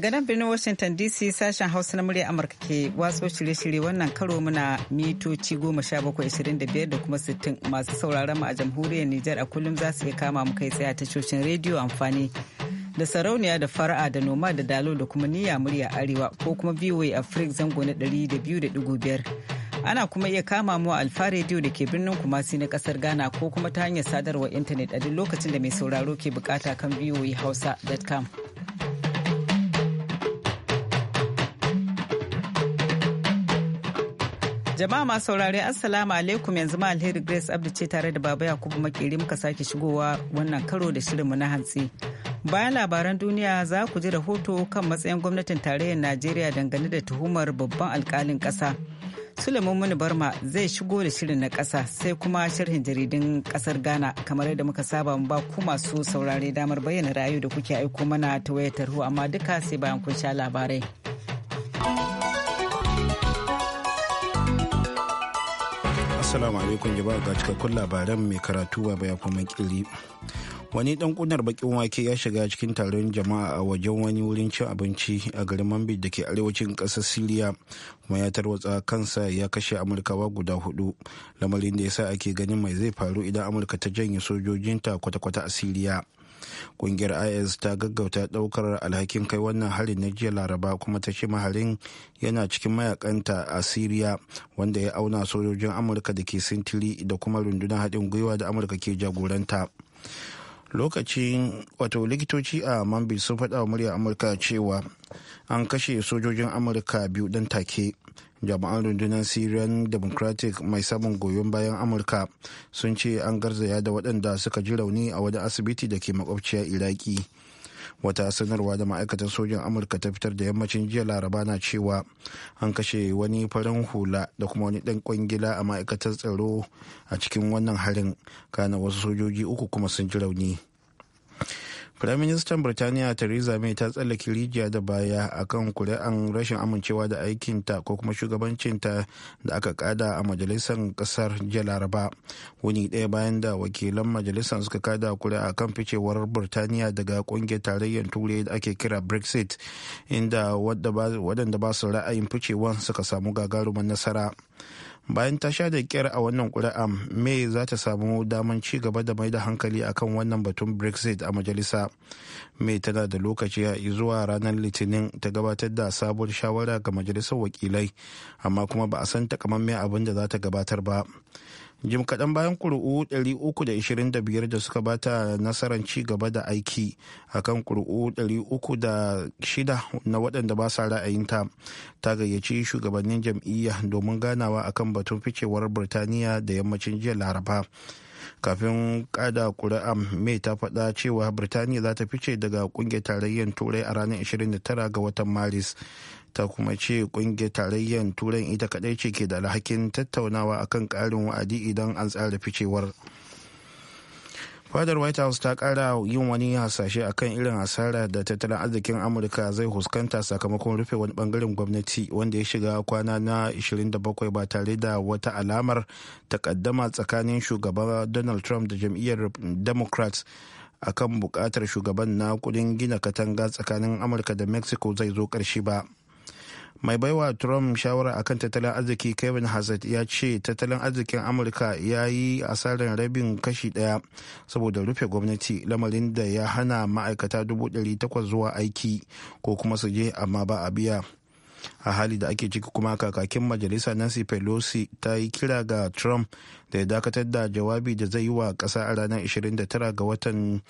Daga nan birnin Washington DC sashen Hausa na murya Amurka ke watso shirye-shirye wannan karo muna mitoci goma sha 1725 da kuma sittin masu sauraron mu a jamhuriyar Nijar a kullum za su iya kama mu kai tsaye a tashoshin rediyo amfani da sarauniya da fara'a da noma da dalo da kuma niyya murya arewa ko kuma VOA Africa zango na ɗari da da biyu biyar ana kuma iya kama mu alfa rediyo da ke birnin kumasi na kasar ghana ko kuma ta hanyar sadarwar intanet a duk lokacin da mai sauraro ke bukata kan hausa.com Jama'a masu saurare Assalamu alaikum yanzu ma alheri Grace Abdu ce tare da Baba Yakubu Makeri muka sake shigowa wannan karo da shirin mu na hantsi. Bayan labaran duniya za ku ji rahoto kan matsayin gwamnatin tarayyar Najeriya dangane da tuhumar babban alkalin ƙasa. Suleiman Muni Barma zai shigo da shirin na ƙasa sai kuma sharhin jaridun ƙasar Ghana kamar yadda muka saba mu ba ku masu saurare damar bayyana rayu da kuke aiko mana ta wayar tarho amma duka sai bayan kun sha labarai. Assalamu alaikum jama'a ga cikakkun labaran mai karatu ba ya kuma kiri. Wani dan kunar bakin wake ya shiga cikin taron jama'a a wajen wani wurin cin abinci a garin Manbij da ke arewacin ƙasar Siriya kuma ya tarwatsa kansa ya kashe Amurkawa guda hudu lamarin da ya sa ake ganin mai zai faru idan Amurka ta janye sojojinta kwata-kwata a Siriya. kungiyar is ta gaggauta daukar alhakin kai wannan harin na jiya laraba kuma ta ce maharin yana cikin mayakanta a syria wanda ya auna sojojin amurka da ke sintiri da kuma rundunar haɗin gwiwa da amurka ke jagoranta lokacin wato likitoci a mambi sun faɗa wa murya amurka cewa an kashe sojojin amurka biyu dan take jami'an rundunar syrian democratic mai samun goyon bayan amurka sun ce an garzaya da waɗanda suka ji rauni a wani asibiti da ke makwabciyar iraki wata sanarwa da ma'aikatan sojan amurka ta fitar da yammacin jiya laraba na cewa an kashe wani farin hula da kuma wani ɗan kwangila a ma'aikatar tsaro a cikin wannan harin kana wasu sojoji uku kuma sun ji rauni Firaministan Birtaniya Theresa May ta tsallake rijiya da baya a kan kuri'an rashin amincewa da aikinta ko kuma shugabancinta da aka kada a majalisar kasar jiya wani Wuni ɗaya bayan da wakilan majalisar suka kada kuri'a kan ficewar Birtaniya daga kungiyar tarayyar turai da ake kira Brexit inda waɗanda ba su ra'ayin ficewar suka samu gagarumar nasara. bayan ta sha da kyar a wannan ƙuri'a may za ta samu daman ci gaba da mai da hankali akan wannan batun brexit a majalisa may tana da lokaci a zuwa ranar litinin ta gabatar da sabuwar shawara ga majalisar wakilai amma kuma ba a san takamaiman abin da za ta gabatar ba jim kaɗan bayan ƙuri'u 325 da suka ba ta nasarar ci gaba da aiki akan ƙuri'u 306 na waɗanda ba sa ra'ayinta ta gayyaci shugabannin jam'iyya domin ganawa akan batun ficewar birtaniya da yammacin jiya laraba kafin kada kuri'a mai ta faɗa cewa birtaniya za ta fice daga kungiyar tarayyar turai a ranar 29 ga watan maris ta kuma ce kungiyar tarayyar turai ita kadai ce ke da alhakin tattaunawa akan karin wa'adi idan an tsara ficewar fadar white house ta kara yin wani hasashe akan irin asara da tattalin arzikin amurka zai huskanta sakamakon rufe wani bangaren gwamnati wanda ya shiga kwana na 27 ba tare da wata alamar takaddama tsakanin shugaban donald trump da jam'iyyar democrats akan bukatar shugaban na kudin gina katanga tsakanin amurka da mexico zai zo karshe ba mai baiwa trump shawara akan tattalin arziki kevin hazard ya ce tattalin arzikin amurka ya yi asarar rabin kashi daya saboda rufe gwamnati lamarin da ya hana ma'aikata 800 zuwa aiki ko kuma su je amma ba a biya a hali da ake ciki kuma kakakin majalisa nancy pelosi ta yi kira ga trump da ya dakatar da jawabi da zai yi wa kasa a ranar 29 ga watan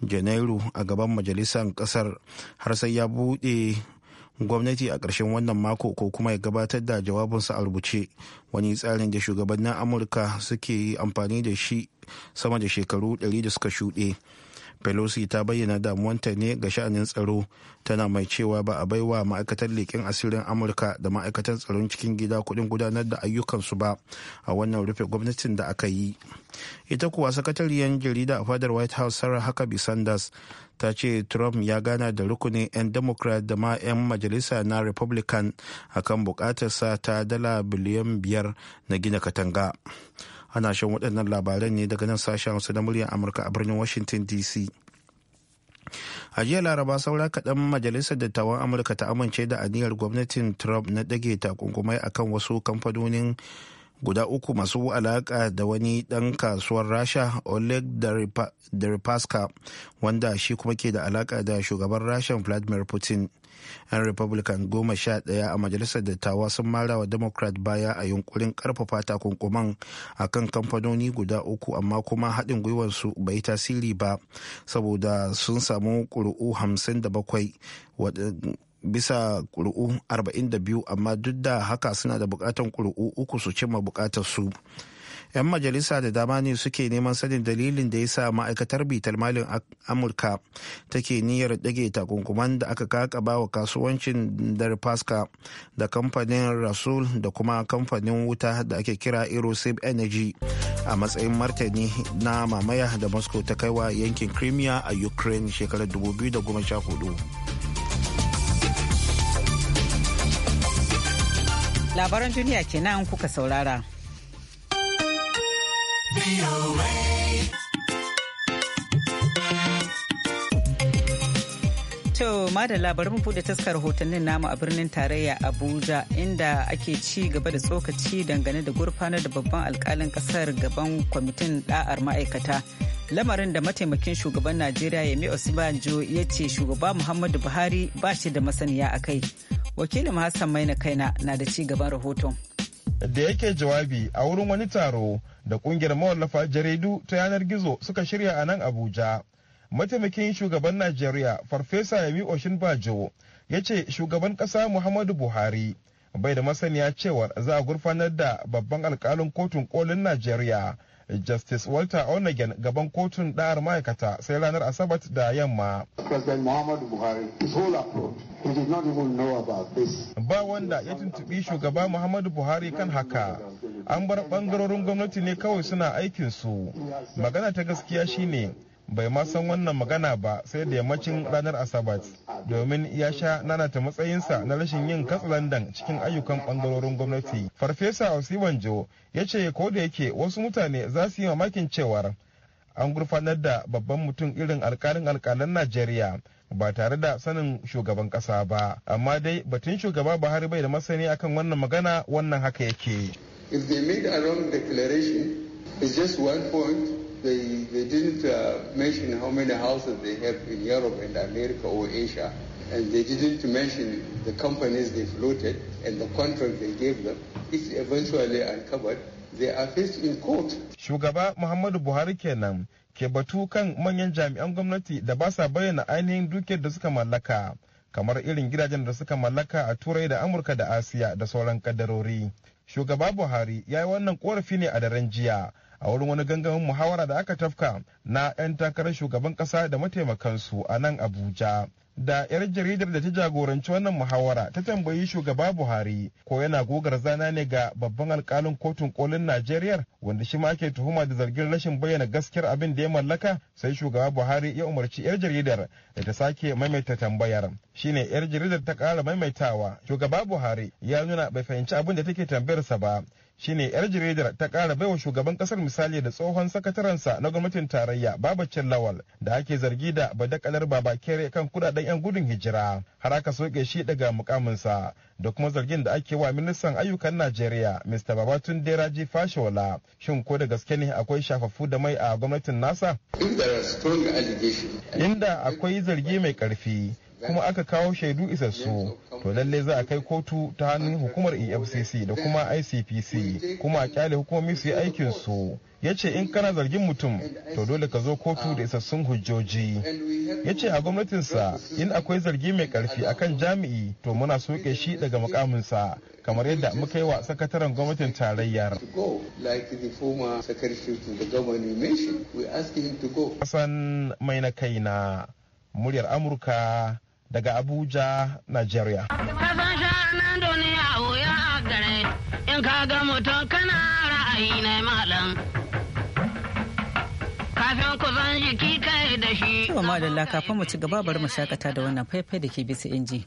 janairu a gaban majalisar kasar har sai ya bude. gwamnati a ƙarshen wannan mako ko kuma ya gabatar da jawabinsa a rubuce wani tsarin da shugabannin amurka suke yi amfani da shi sama da shekaru 100 da suka shuɗe. pelosi ta bayyana damuwanta ne ga sha'anin tsaro tana mai cewa ba a bai wa ma'aikatar leƙen asirin amurka da ma'aikatan tsaron cikin gida kuɗin gudanar da ayyukansu ba a wannan rufe gwamnatin da aka yi ita kuwa sakatariyar jarida a fadar white house sarah huckabee sanders ta ce trump ya gana da rukunin 'yan democrat da ma 'yan majalisa na republican akan bukatarsa ta dala biliyan biyar na gina katanga ana shan waɗannan labaran ne daga nan sashen hausa na muryar amurka a birnin washington dc a jiya laraba saura kaɗan majalisar dattawan amurka ta amince da aniyar gwamnatin trump na ɗage takunkumai akan wasu kamfanonin guda uku masu alaka da wani ɗan kasuwar rasha oleg deripaska wanda shi kuma ke da alaka da shugaban rasha vladimir putin yan republican goma sha ɗaya a majalisar dattawa sun mara wa democrat baya a yunkurin ƙarfafa takunkuman a kan kamfanoni guda uku amma kuma haɗin gwiwarsu bai tasiri ba saboda sun samu ƙuri'u 57 bisa ƙuri'u 42 amma duk da haka suna da buƙatar ƙuri'u uku su cimma buƙatar su. 'yan majalisa da dama ne suke neman sanin dalilin da ya sa ma'aikatar bitar malin amurka take niyyar ɗage takunkuman da aka kakaba wa kasuwancin dar fasca da kamfanin rasul da kuma kamfanin wuta da ake kira erosib energy a matsayin martani na mamaya da moscow ta kaiwa yankin crimea a ukraine shekarar 2014 labaran duniya kenan kuka saurara. To madalla labarin mu bude taskar rahotannin namu a birnin tarayya Abuja inda ake ci gaba da tsokaci dangane da gurfanar da babban alkalin kasar gaban kwamitin da'ar ma'aikata. Lamarin da mataimakin shugaban Najeriya Yemi Osibanjo ya ce shugaba Muhammadu Buhari ba shi da masaniya a kai. wakilin hassan maina kaina na da ci gaban rahoton da yake jawabi a wurin wani taro da kungiyar mawallafa jaridu ta yanar gizo suka shirya a nan abuja mataimakin shugaban najeriya farfesa yami oshin bajo ya ce shugaban kasa muhammadu buhari bai da masaniya cewar za a gurfanar da babban alkalin kotun kolin najeriya Justice Walter Onagen gaban kotun ɗa'ar ma'aikata sai ranar Asabar da yamma. Ba wanda ya tuntuɓi shugaba Muhammadu Buhari kan haka. An bar ɓangarorin gwamnati ne kawai suna aikinsu. Magana ta gaskiya shine bai ma san wannan magana ba sai da yammacin ranar asabar domin ya sha nanata matsayinsa na rashin yin katsalandan cikin ayyukan bangarorin gwamnati farfesa jo ya ce ko da yake wasu mutane za su yi mamakin cewar an gurfanar da babban mutum irin alkalin alkalan najeriya ba tare da sanin shugaban kasa ba amma dai batun shugaba ba har bai da masani akan wannan magana wannan haka yake if they made a wrong declaration it's just one point they, they didn't uh, mention how many houses they have in Europe and America or Asia. And they didn't mention the companies they floated and the contract they gave them. It's eventually uncovered. They are faced in court. Shugaba Muhammadu Buhari kenan ke batu kan manyan jami'an gwamnati da ba sa bayyana ainihin dukiyar da suka mallaka kamar irin gidajen da suka mallaka a Turai da Amurka da Asiya da sauran kadarori. Shugaba Buhari ya yi wannan korafi ne a daren jiya a wurin wani gangamin muhawara da aka tafka na 'yan takarar shugaban kasa da mataimakansu a nan abuja da 'yar jaridar da ta jagoranci wannan muhawara ta tambayi shugaba buhari ko yana gogar zana ne ga babban alkalin kotun kolin najeriya wanda shi ma ke tuhuma da zargin rashin bayyana gaskiyar abin da ya mallaka sai shugaba buhari ya umarci 'yar jaridar da ta sake maimaita tambayar shine 'yar jaridar ta kara maimaitawa shugaba buhari ya nuna bai fahimci abin da take tambayarsa ba shine yar jaridar ta kara baiwa shugaban kasar misali da tsohon sakatarensa na gwamnatin tarayya babacin lawal da ake zargi da badakalar kere kan kudaden yan gudun hijira har aka soke shi daga mukaminsa da kuma zargin da ake wa ministan ayyukan najeriya mr babatun deraji fashola shin ko da gaske ne akwai shafafu da mai a gwamnatin nasa inda akwai zargi mai karfi kuma aka kawo shaidu isassu to lalle za a kai kotu ta hannun hukumar efcc da kuma icpc kuma a kyale hukumomi su yi aikinsu ya ce in kana zargin mutum to dole ka zo kotu da isassun hujjoji ya ce a gwamnatinsa in akwai zargi mai karfi akan jami'i to muna soke shi daga mukaminsa kamar yadda muka yi wa sakataren gwamnatin tarayyar Hassan mai na kaina muryar amurka daga Abuja, Nigeria. in ka ga mutum kana ra'ayi na malam kafin ku zan jiki kai da shi. Yawa madalla kafin mu ci gaba bari mu shakata da wannan faifai da ke bisa inji.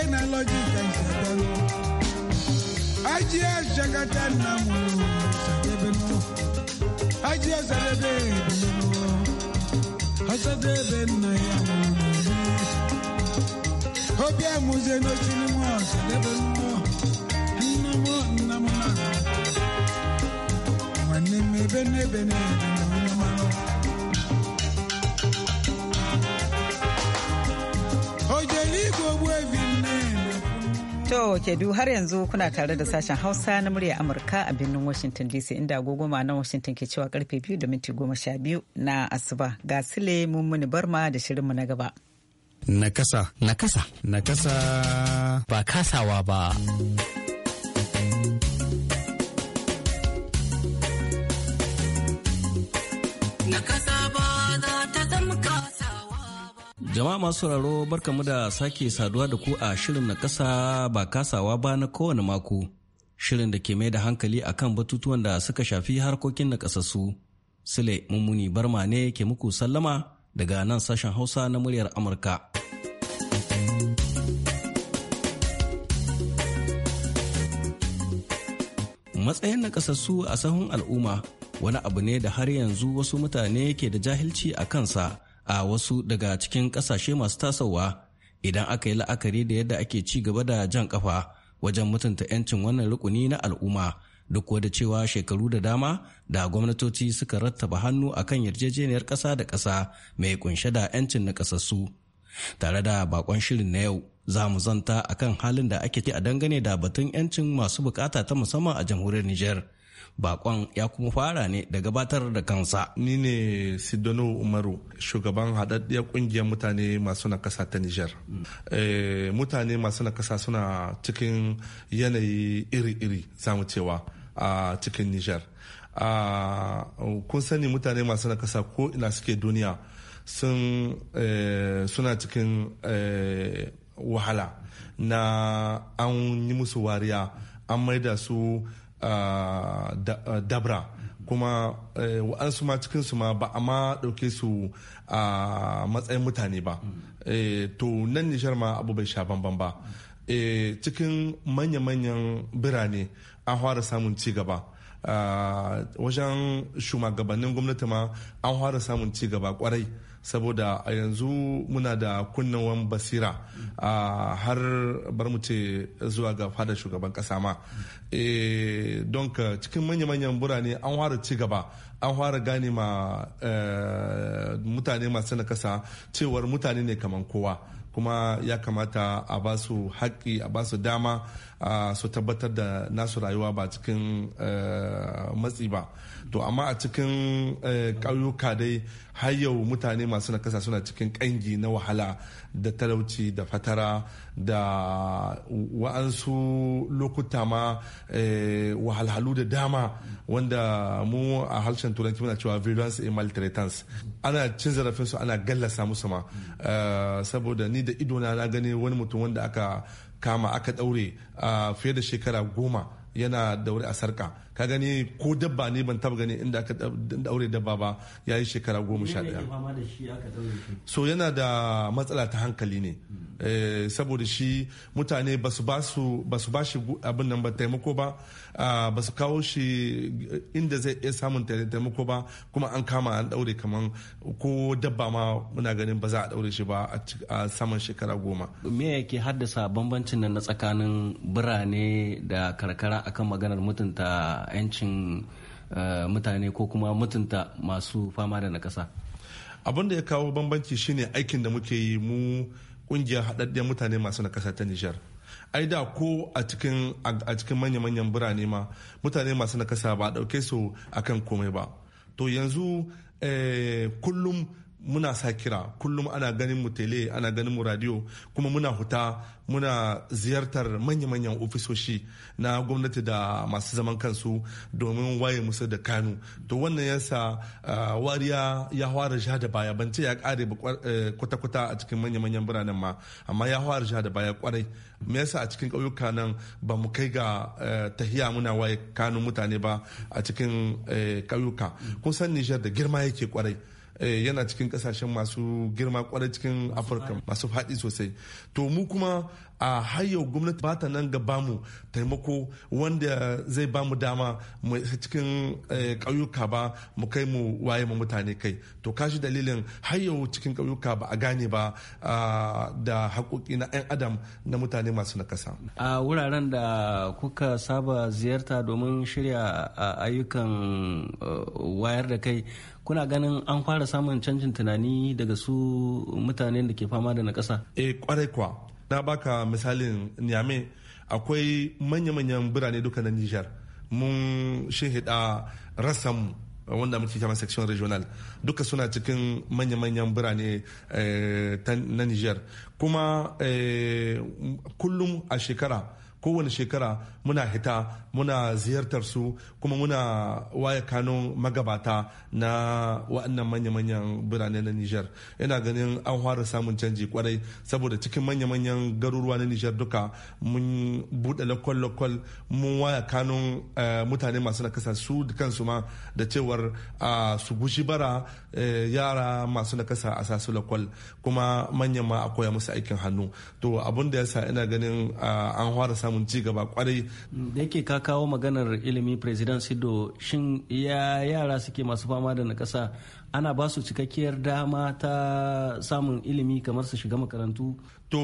technology can shakolo. Ajia shakata namu shakebenu. Ajia salebe benu. Hasadebe na yamu. Hobia muze no chinimu shakebenu. Namo namo na. Mwaneme bene bene bene. To, du har yanzu kuna tare da sashen Hausa na murya Amurka a birnin Washington DC inda goma na Washington ke cewa karfe biyu da minti goma sha biyu na Asuba. Ga Sule Mummuni Barma da shirinmu na gaba. Nakasa. Nakasa. Nakasa. Ba kasawa ba. Jama'a masu sauraro barkamu da sake saduwa da ku a shirin na kasa ba kasawa ba na kowane mako. Shirin da ke mai da hankali akan batutuwan da suka shafi harkokin na kasassu. Sule Mummuni Barma ne ke muku sallama daga nan sashen Hausa na muryar Amurka. matsayin nakasassu a sahun al'umma wani abu ne da har yanzu wasu mutane ke da jahilci a kansa a wasu daga cikin ƙasashe masu tasowa idan aka yi la'akari da yadda ake ci gaba da jan kafa wajen mutunta 'yancin wannan rukuni na al'umma duk da cewa shekaru da dama da gwamnatoci suka rattaba hannu a kan yarjejeniyar ƙasa da ƙasa mai kunshe da 'yancin na ƙasassu tare da bakon shirin na yau za mu zanta kan halin da ake ci a dangane da batun 'yancin masu bukata ta musamman a jamhuriyar Nijar. bakon ya kuma fara ne da gabatar da kansa ni ne sidono umaru shugaban haɗaɗɗiyar ƙungiyar mutane masu nakasa ta nijar eh, mutane masu nakasa suna cikin yanayi iri-iri zamu cewa a cikin nijar kun sani mutane masu nakasa ko ina suke duniya eh, suna cikin eh, wahala na an yi musu wariya an maida su dabra kuma eh, wa'ansu ma cikinsu ma ba a ma ɗauke su a matsayin mutane ba eh, to nan nishar ma abu bai sha bamban ba eh, cikin manya-manyan birane an fara samun cigaba wajen wajen shugabannin gwamnati ma an fara samun cigaba kwarai saboda a yanzu muna da kunnawan basira a har bar mu ce zuwa ga fadar shugaban kasa ma e, don ka cikin manya-manyan birane an fara ci gaba an fara gane ma e, mutane masu na nakasa cewar mutane ne kamar kowa kuma ya kamata a ba su haƙƙi a ba su dama su tabbatar da nasu rayuwa ba cikin e, matsi ba to amma a cikin eh, ƙauyuka dai har yau mutane masu nakasa suna cikin ƙangi na wahala da talauci da fatara da wa'ansu lokuta ma eh, wahalhalu da dama wanda mu a harshen turanci muna cewa violence and maltratance ana cin zarafin su ana gallasa musu ma eh, saboda ni da idona na gani wani mutum wanda aka kama aka daure ah, fiye da shekara goma yana daure a sarka ka gani ko dabba ne ban taba gani inda aka daure dabba ba ya yi shekara goma sha daya so yana da matsala ta hankali ne eh, saboda shi mutane ba su ba shi abin nan ba taimako ba Ah, ba su kawo shi inda zai iya samun taimako ba kuma an kama an daure kamar ko dabba ma muna ganin ba za a daure shi ba a saman shekara goma me yake haddasa bambancin nan na tsakanin birane da karkara akan maganar mutunta 'yancin eh, mutane ko kuma mutunta masu fama da nakasa abin da ya kawo bambanci shine aikin da muke yi mu kungiyar haɗaɗɗen mutane masu nakasa ta nijar ai da ko a cikin manya-manyan birane ma mutane masu nakasa ba dauke su akan komai ba to yanzu eh, kullum muna sa kira kullum ana ganin mu tele ana ganin mu radio kuma muna huta muna ziyartar manya-manyan ofisoshi na gwamnati da masu zaman kansu domin waye musu da kanu to wannan yasa wariya ya fara sha da baya ban ce ya kare eh, kwata-kwata a cikin manya-manyan biranen ma amma ya fara sha da baya kwarai me yasa a cikin ƙauyuka nan ba mu kai ga eh, tahiya muna waye kanun mutane ba a cikin eh, ƙauyuka kun san nijar da girma yake kwarai Eh, yana cikin kasashen masu girma kwarai cikin afirka masu faɗi sosai to mu kuma a har gwamnati ba ta nan ga bamu taimako wanda zai bamu dama mu cikin eh, ƙauyuka ba mu kai mu waye mu mutane kai to kashi dalilin har cikin ƙauyuka ba a gane ba da haƙoƙi na 'yan adam na mutane masu nakasa a wuraren da kuka saba ziyarta domin shirya ayyukan eh, wayar da kai kuna ganin an fara samun canjin tunani daga su mutanen da ke fama da na ƙasa eh kwarai kwa na baka misalin niamey akwai manya-manyan birane duka na nijar mun shahida rasam wanda muke kama section regional duka suna cikin manya-manyan birane eh, na nijar kuma eh, kullum a shekara kowane shekara muna hita muna ziyartar su kuma muna waya kano magabata na wa'annan manya-manyan birane na Nijar. Ina ganin an fara samun canji kwarai saboda cikin manya-manyan garuruwa na Nijar duka mun buɗe lokal-lokal mun waya eh, mutane masu nakasa su da kansu ma da cewar su gushi bara eh, yara masu nakasa a sasu lokal kuma manyan ma a koya musu aikin hannu. To abun da yasa ina ganin an fara samun ci gaba kwarai. Mm, da yake ka kawo maganar ilimi president sido shin ya yara suke masu fama da nakasa ana ba su cikakkiyar dama ta samun ilimi kamar su shiga makarantu to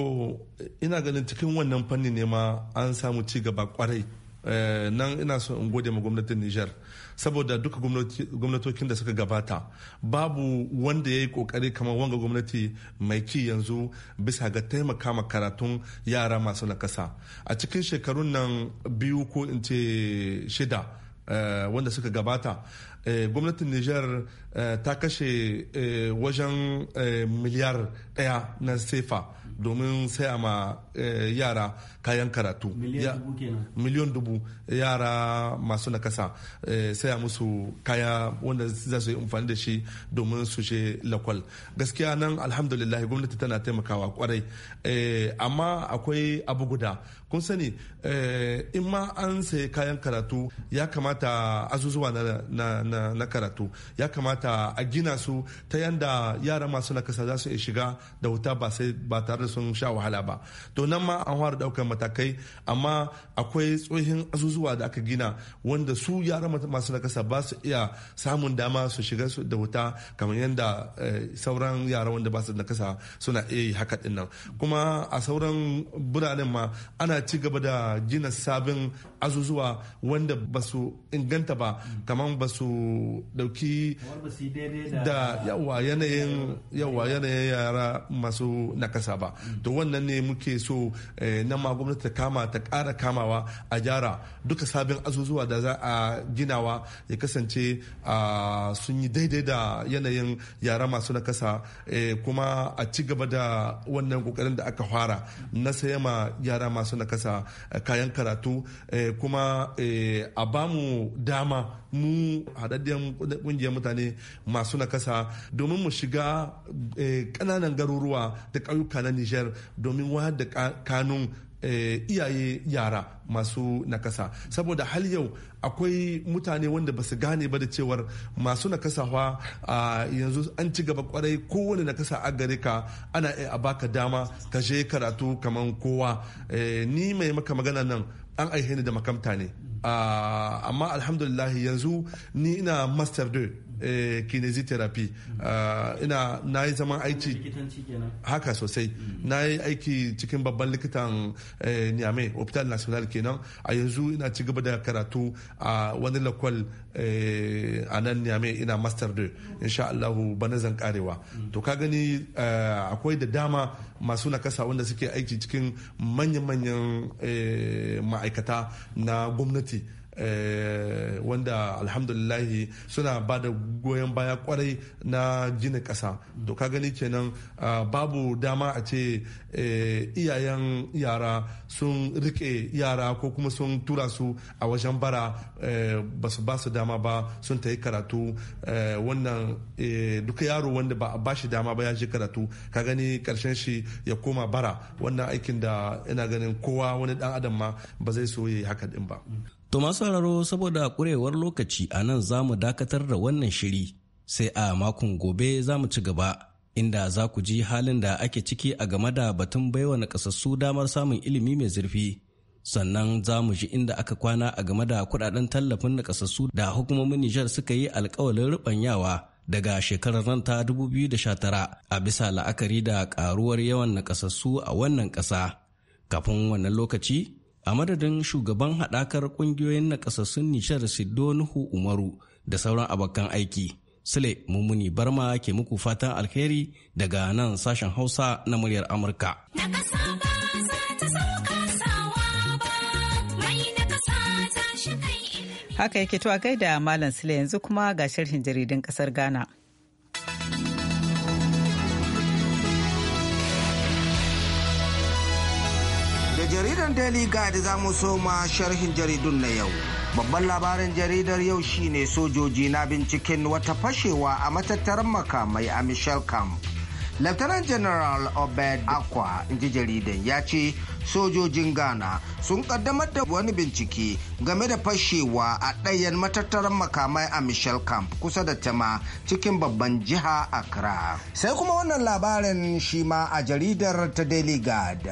ina ganin cikin wannan fanni ne ma an samu ci gaba kwarai eh, nan ina so in gode ma gwamnatin nijar saboda duka gwamnatokin da suka gabata babu wanda ya yi kokari kamar wanga gwamnati mai ci yanzu bisa ga taimaka ma karatun yara masu nakasa a cikin shekarun nan biyu ko in ce shida eh, wanda suka gabata eh, gwamnatin niger eh, ta kashe wajen miliyar daya na sefa domin saya ma eh, yara kayan karatu miliyan dubu yara masu nakasa eh, saya musu kaya wanda za su yi amfani da shi domin su je lakwal gaskiya nan alhamdulillah gwamnati tana taimakawa kwarai eh, amma akwai abu guda kun sani in ma an sayi kayan karatu ya kamata azuzuwa na, karatu ya kamata a gina su ta yanda yara masu nakasa za su iya shiga da wuta ba tare da sun sha wahala ba to nan ma an fara daukar matakai amma akwai tsohin azuzuwa da aka gina wanda su yara masu nakasa ba su iya samun dama su shiga da wuta kamar yadda eh, sauran yara wanda ba su nakasa suna iya yi haka din kuma a sauran biranen ma ana ci gaba da gina sabin azuzuwa wanda ba su inganta ba kamar ba su dauki da yawa yanayin yara masu nakasa ba da wannan ne muke so eh, na ma gwamnati ta kama ta ƙara kamawa a gyara duka sabbin azuzuwa da za a ginawa ya kasance sun yi daidai da yanayin yara masu nakasa eh, kuma a ci gaba da wannan kokarin da aka fara na saya ma yara masu nakasa eh, kayan karatu kuma a ba mu dama mu haɗaɗɗen ƙungiyar mutane masu nakasa domin mu shiga ƙananan garuruwa da ƙauyuka na Nijar domin wayar da kanun eh, iyaye yara masu nakasa saboda hal yau akwai mutane wanda ba su gane ba da cewar masu nakasawa a yanzu an ci gaba kwarai kowane nakasa a gare ka ana a baka dama ka je karatu kamar kowa eh, ni mai maka magana nan an aihe ni da makamta ne Ah, amma alhamdulillah yanzu ni ina master de eh, kinesiotherapy ah, ina na yi zaman aiki haka sosai mm. na yi aiki cikin babban likitan eh, niamey hospital national kenan a yanzu ina ci gaba da karatu a wani lakwal eh, a nan niamey ina master de insha allahu bana zan karewa mm. to ka gani akwai da dama masu nakasa wanda suke aiki cikin manya-manyan ma'aikata na gwamnati Eh, wanda alhamdulillahi suna ba da goyon baya kwarai na gina kasa to ka gani kenan babu dama a ce eh, iyayen yara sun rike yara ko kuma sun tura su a wajen bara eh, ba su ba su dama ba sun ta yi karatu wannan duka yaro wanda ba a ba shi dama ba ya je karatu ka gani karshen shi ya koma bara wannan aikin da ina ganin kowa wani dan adam ma ba zai so ya yi haka din ba To masu sauraro saboda kurewar lokaci a nan za mu dakatar da wannan shiri sai a makon gobe za mu ci gaba inda za ku ji halin da ake ciki a game da batun baiwa naƙasassu damar samun ilimi mai zurfi. Sannan za mu ji inda aka kwana a game da kudaden tallafin naƙasassu da hukumomin Nijar suka yi alkawalin rubanyawa daga shekarar nan ta 2019 a bisa la'akari da karuwar yawan nakasassu a wannan ƙasa. Kafin wannan lokaci, a madadin shugaban haɗakar ƙungiyoyin naƙasassun nishar sido Nuhu Umaru da sauran abokan aiki. Sule Mummuni Barma ke muku fatan alheri daga nan sashen Hausa na muryar Amurka. Haka yake to a gaida Malam Sule yanzu kuma ga sharhin jaridun ƙasar Ghana. jaridar Daily Guide za mu soma sharhin jaridun na yau. Babban labarin jaridar yau shine sojoji na binciken wata fashewa a matattaran makamai a michelle Camp. Lieutenant General Obed Akwa, inji jaridan ya ce sojojin Ghana sun kaddamar da wani bincike game da fashewa a ɗayan matattaran makamai a michelle Camp kusa da Tema cikin babban jiha Accra. Sai kuma wannan labarin shi ma a jaridar ta Daily Guard.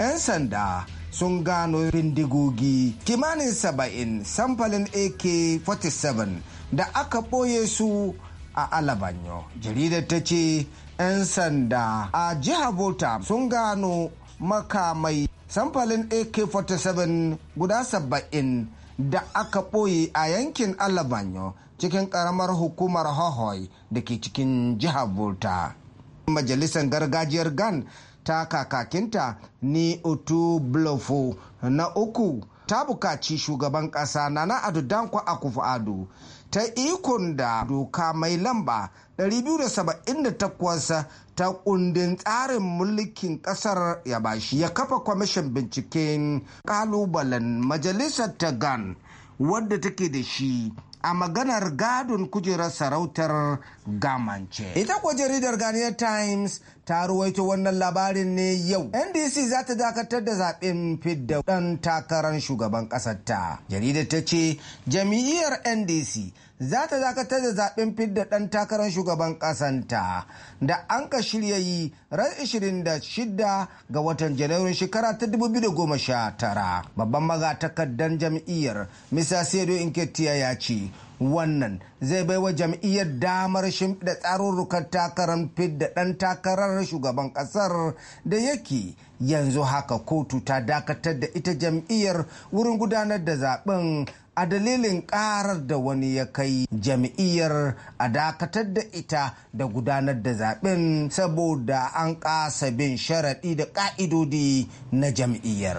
'yan sanda sun gano bindigogi kimanin saba'in samfalin ak-47 da aka ɓoye su a alabanyo jaridar ta ce 'yan sanda a jiha volta sun gano makamai samfalin ak-47 guda saba'in da aka ɓoye a yankin alabanyo cikin ƙaramar hukumar hohoi da ke cikin jihar volta majalisar gargajiyar gan ta kakakinta ni otu blofo na uku ta bukaci shugaban ƙasa na na danko a ado ta ikon da doka mai lamba 278 ta kundin tsarin mulkin kasar ya bashi ya kafa kwamishin binciken kalubalen majalisar ta gan wadda take da shi a maganar gadon kujerar sarautar gamance. Ita kwa jaridar Ghanaian Times ta ruwaito wannan labarin ne yau ndc za ta dakatar da zaben fidda dan takarar shugaban ƙasar ta jaridar ta ce jam'iyyar ndc za ta dakatar da zaben fidda dan takarar shugaban ta. da an ka shirya yi ran 26 ga watan janairun shekara ta 2019 babban magatakardar jam'iyyar misa sedo inketiya ya ce wannan zai bai wa jam'iyyar damar shimfiɗa tsarurrukan takarar fidda ɗan takarar shugaban ƙasar da yake yanzu haka kotu ta dakatar da ita jam'iyyar wurin gudanar da zaben a dalilin ƙarar da wani ya kai jam'iyyar a dakatar da ita da gudanar da zaben saboda an ƙasa bin sharaɗi da ƙa'idodi na jam'iyyar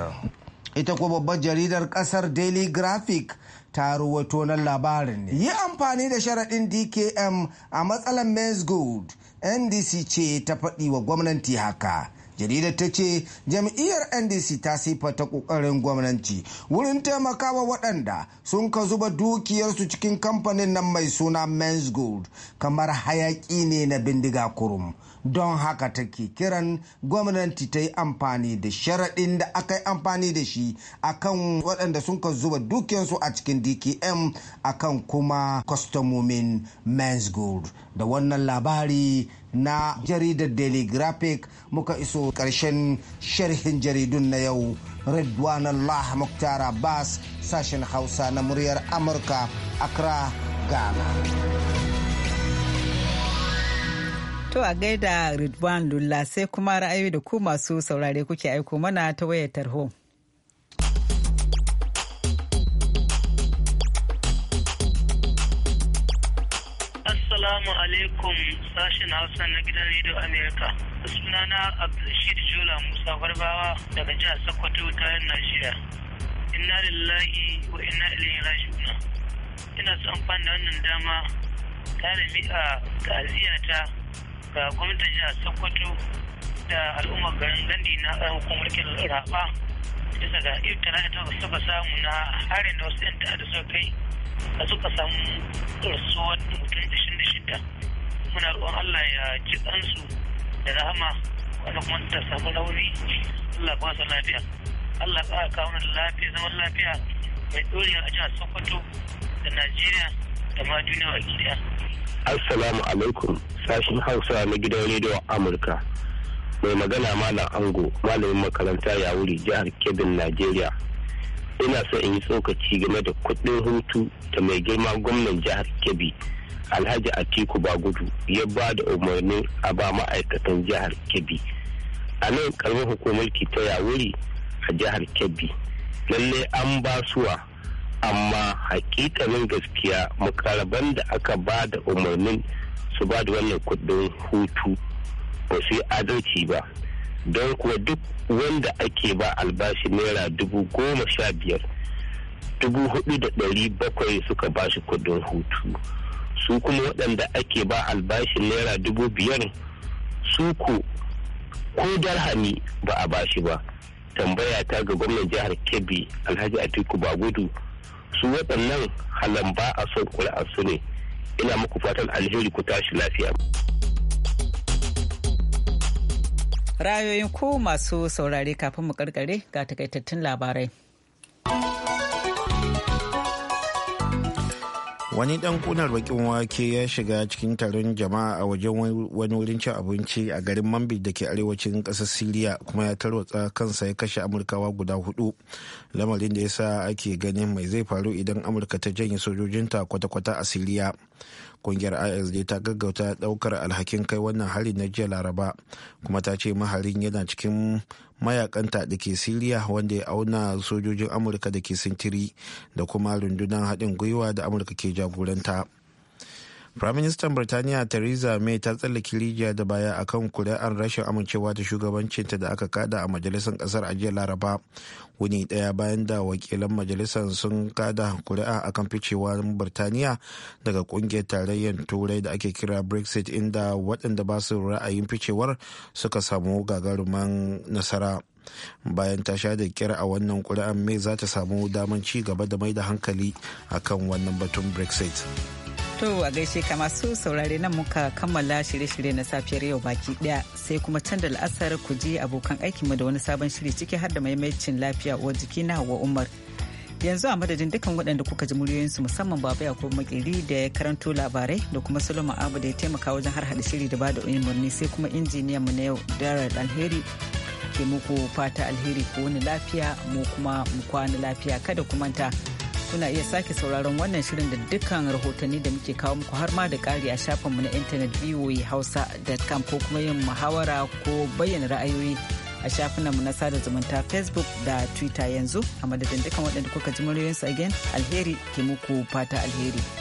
ita kuma babbar jaridar ƙasar daily graphic ta ruwato na labarin ne. Yi amfani da sharaɗin DKM a matsalar Men's Gold, NDC ce ta faɗi wa gwamnati haka. jaridar ta ce jam'iyyar ndc ta sifata ƙoƙarin gwamnati wurin taimakawa waɗanda sun ka zuba dukiyarsu cikin kamfanin nan mai suna men's gold kamar hayaƙi ne na bindiga kurum don haka take kiran gwamnati ta yi amfani da sharaɗin da aka yi amfani da shi akan waɗanda sun ka zuba dukiyansu a cikin dkm akan kuma kwastomomin men's gold da wannan labari na jaridar daily graphic muka iso ƙarshen sharhin jaridun na yau redwan allah muktar abbas sashen hausa na muryar amurka accra ghana To a gaida Ridwan Lulla sai kuma ra'ayi da ku masu saurare kuke aiko mana ta wayar tarho. Assalamu alaikum sashen Hausa na gidan Radio Amerika. Sunana Abdulrashid Jula Musa Barbawa daga jihar Sokoto ta Najeriya. Inna lillahi wa inna ilaihi raji'un. Ina son da wannan dama ta da miƙa ta. da gwamnatin jihar sokoto da al'ummar garin gandi na eh, hukumulkin rafa bisa ga ibtila da suka samu na harin da wasu 'yan da suka kai da suka samu rasuwar mutum 26 muna roƙon allah ya ji kansu da rahama wanda kuma ta samu rauni allah ba su lafiya allah ka kawo da lafiya zaman lafiya mai ɗorewa a jihar sokoto da najeriya da ma duniya baki Assalamu alaikum sashin Hausa na gidan rediyon Amurka. Mai magana Malam Ango, malamin makaranta ya wuri jihar kebin Najeriya. Ina so in yi tsokaci game da kudin hutu ta mai girma gwamnan jihar Kebbi, Alhaji Atiku Bagudu ya ba da umarnin a ba ma'aikatan jihar Kebbi. A nan karbar hukumar ta ya wuri a jihar Kebbi. lallai an ba suwa amma hakikanin gaskiya mukaraban da aka ba da umarnin su ba da wannan kudin hutu ba su yi adalci ba don kuwa duk wanda ake ba albashi naira dubu goma sha biyar dubu hudu da dari bakwai suka ba shi kudin hutu su kuma waɗanda ake ba albashi naira dubu biyar su ko ko darhami ba a ba shi ba tambaya ta ga gwamnan jihar kebbi alhaji atiku gudu. su waɗannan halan ba a son kuri'a su ne ina muku fatan alheri ku tashi lafiya. Rayoyin ku masu saurare kafin mu karkare ga takaitattun labarai. wani dan kunar bakin wake ya shiga cikin taron jama'a a wajen wani wurin cin abinci a garin mambi da ke arewacin ƙasar siriya kuma ya tarwatsa kansa ya kashe amurkawa guda hudu lamarin da ya sa ake ganin mai zai faru idan amurka ta janye sojojinta kwata-kwata a siriya kungiyar isd ta gaggauta daukar alhakin kai wannan hari na jiya laraba kuma ta ce maharin yana cikin mayakan da ke siriya wanda ya auna sojojin amurka da ke sintiri da kuma rundunar haɗin gwiwa da amurka ke jagoranta Firaministan Birtaniya Theresa May ta tsallake rijiya da baya akan kuri'ar rashin amincewa da shugabancinta da aka kada a majalisar kasar a jiya Laraba. Wuni daya bayan da wakilan majalisar sun kada kuri'a akan ficewa Birtaniya daga kungiyar tarayyar turai da ake kira Brexit inda waɗanda ba su ra'ayin ficewar suka samu gagaruman nasara. bayan ta sha da kira a wannan kuri'an mai za ta samu daman ci gaba da mai da hankali akan wannan batun brexit. To a gaishe ka masu saurare nan muka kammala shirye-shirye na safiyar yau baki daya sai kuma can da la'asar ku je abokan aikinmu da wani sabon shiri ciki har da maimacin lafiya uwar jiki na Hauwa Umar. yanzu a madadin dukkan waɗanda kuka ji muryoyinsu musamman baba ya kuma makiri da ya karanto labarai da kuma solomon abu da ya taimaka wajen har hada shiri da ba da umarni sai kuma injiniyan mu na yau darar alheri ke muku fata alheri ko wani lafiya mu kuma mu kwana lafiya kada ku manta kuna iya sake sauraron wannan shirin da dukkan rahotanni da muke kawo muku har ma da ƙari a shafinmu na intanet voahausa.com ko kuma yin muhawara ko bayyana ra'ayoyi a shafinanmu na sada zumunta facebook da twitter yanzu a madadin dukkan waɗanda kuka ji muryoyinsu again alheri ke muku fata alheri.